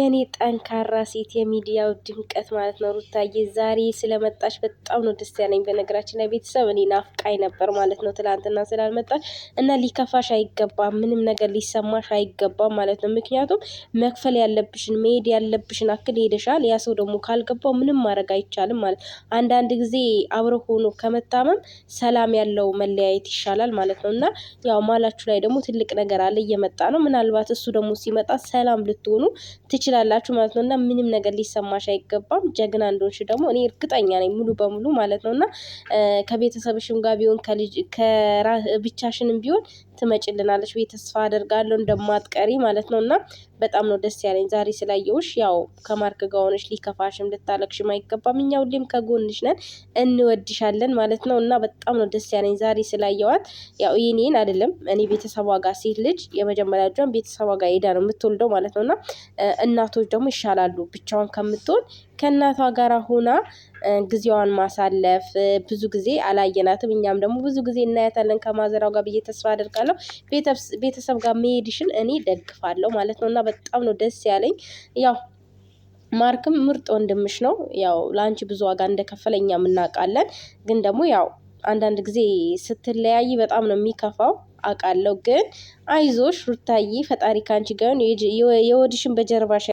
የኔ ጠንካራ ሴት የሚዲያው ድምቀት ማለት ነው ሩታዬ ዛሬ ስለመጣች በጣም ነው ደስ ያለኝ። በነገራችን ላይ ቤተሰብ እኔ ናፍቃኝ ነበር ማለት ነው ትላንትና ስላልመጣች እና ሊከፋሽ አይገባም፣ ምንም ነገር ሊሰማሽ አይገባም ማለት ነው። ምክንያቱም መክፈል ያለብሽን መሄድ ያለብሽን አክል ሄደሻል። ያ ሰው ደግሞ ካልገባው ምንም ማድረግ አይቻልም ማለት አንዳንድ ጊዜ አብረ ሆኖ ከመታመም ሰላም ያለው መለያየት ይሻላል ማለት ነው። እና ያው ማላችሁ ላይ ደግሞ ትልቅ ነገር አለ እየመጣ ነው። ምናልባት እሱ ደግሞ ሲመጣ ሰላም ልትሆኑ ትች ትችላላችሁ ማለት ነው እና ምንም ነገር ሊሰማሽ አይገባም። ጀግና እንደሆንሽ ደግሞ እኔ እርግጠኛ ነኝ ሙሉ በሙሉ ማለት ነው እና ከቤተሰብሽም ጋር ቢሆን ብቻሽንም ቢሆን ትመጭልናለች ብዬ ተስፋ አደርጋለሁ እንደማትቀሪ ማለት ነው እና በጣም ነው ደስ ያለኝ ዛሬ ስላየውሽ። ያው ከማርክ ጋር ሆነሽ ሊከፋሽም ልታለቅሽም አይገባም። እኛ ሁሌም ከጎንሽ ነን፣ እንወድሻለን ማለት ነው እና በጣም ነው ደስ ያለኝ ዛሬ ስላየዋት። ያው ይህኔን አይደለም እኔ ቤተሰቧ ጋር ሴት ልጅ የመጀመሪያ ልጇን ቤተሰቧ ጋር ሄዳ ነው የምትወልደው ማለት ነው እና እናቶች ደግሞ ይሻላሉ። ብቻዋን ከምትሆን ከእናቷ ጋር ሆና ጊዜዋን ማሳለፍ ብዙ ጊዜ አላየናትም። እኛም ደግሞ ብዙ ጊዜ እናያታለን ከማዘራው ጋር ብዬ ተስፋ አደርጋለሁ። ቤተሰብ ጋር መሄድሽን እኔ ደግፋለሁ ማለት ነው እና በጣም ነው ደስ ያለኝ ያው ማርክም ምርጥ ወንድምሽ ነው። ያው ለአንቺ ብዙ ዋጋ እንደከፈለ እኛም እናውቃለን። ግን ደግሞ ያው አንዳንድ ጊዜ ስትለያይ በጣም ነው የሚከፋው አውቃለሁ። ግን አይዞሽ ሩታዬ፣ ፈጣሪ ካንቺ ጋር የወድሽን በጀርባሽ